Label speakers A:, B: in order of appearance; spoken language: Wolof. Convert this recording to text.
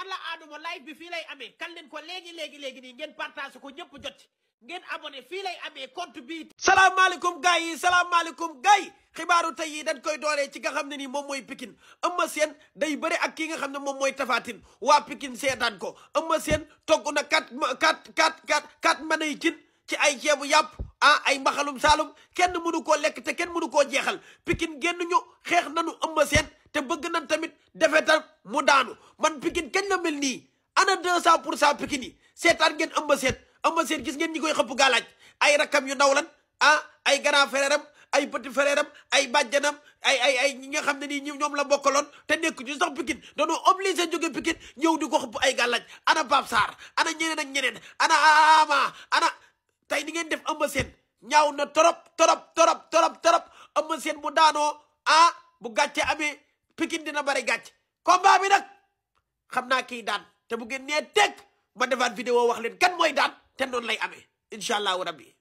A: alla adama live bi fii lay
B: amee kan leen ko léegi léegi léegi nii ngeen partage ko ñëpp jot ngeen abonné fii lay amee compte bi salaamaaleykum gars yi salaamaaleykum yi xibaaru tey yi dañ koy dooree ci nga xam ne nii moom mooy Pikine Eumeu seen day bëri ak ki nga xam ne moom mooy Tapha Tine waa Pikine seetaan ko Eumeu seen togg na kat kat kat kat kat manay cin ci ay ceebu yàpp ah ay mbaxalum saalum kenn mënu koo lekk te kenn mënu koo jeexal Pikine génn ñu xeex nanu Eumeu seen daanu man Pikine kañ la mel nii ana 200 pour cent Pikine yi seetaan ngeen ëmb seet ëmb seet gis ngeen ni koy xëpp gaalaaj ay rakkam yu ndaw lan ah ay grand frère am ay petit frère am ay bàjjanam ay ay ay ñi nga xam ne nii ñoom la bokkaloon te nekk ñu sax Pikine dañoo obligé jóge Pikine ñëw di ko xëpp ay gàllaaj ana Pape Sarr ana ñeneen ak ñeneen ana ama ana tey ni ngeen def a seen ñaaw na torop torop torop torop torop ëmb seen bu daanoo ah bu gàcce amee Pikine dina bari gàcce combat bi nag xam naa kii daan te bu ngeen nee teg ma defaat vidéo wax leen kan mooy daan te noonu lay amee incha allahu rabbi